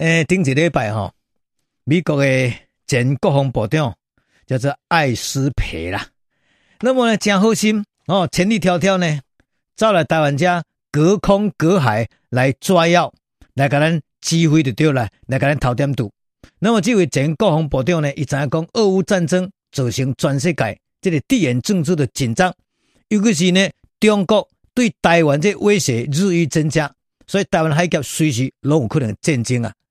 誒，頂一禮拜吼，美國嘅前國防部長叫做艾斯倍啦。那麼呢，真好心哦，千里迢迢呢，找來台灣者隔空隔海來抓藥，來教咱指揮就對啦，來教咱投點毒。那麼這位前國防部長呢，伊以前講俄烏戰爭造成全世界，即係地緣政治的緊張，尤其是呢，中國對台灣嘅威脅日益增加，所以台灣海峽隨時攏有可能戰爭啊。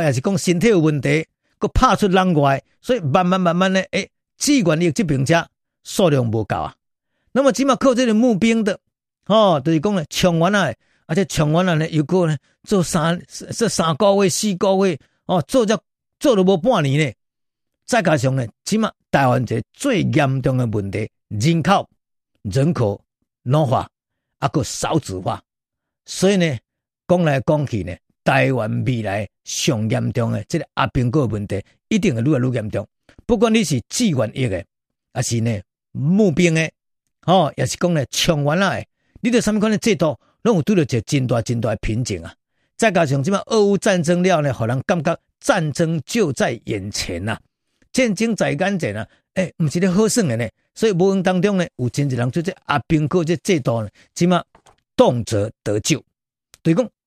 也是講身體有問題，閣拍出人外，所以慢慢慢慢咧，誒、欸，志願役即平車數量無夠啊。那麼起碼靠這個募兵的，哦，就是講咧，搶完啦、啊，而且搶完啦呢，又過呢做三做三個月、四個月哦，做咗做了無半年呢，再加上呢，起碼台灣最最嚴重的問題，人口人口老化，啊，閣少子化，所以呢講來講去呢。台灣未來上嚴重嘅，即個阿兵哥問題一定會愈來愈嚴重。不管你是志願役嘅，還是呢募兵嘅，吼、哦，也是講呢槍員啦，你着甚物制度，攏有拄着一個真大真大的瓶頸啊。再加上即嘛俄烏戰爭了呢，互人感覺戰爭就在眼前啊，戰爭在眼前呢、啊，誒、欸、毋是咧好算嘅呢。所以無形當中呢，有真多人做這阿兵哥這制度呢，即嘛動輒得咎，對講。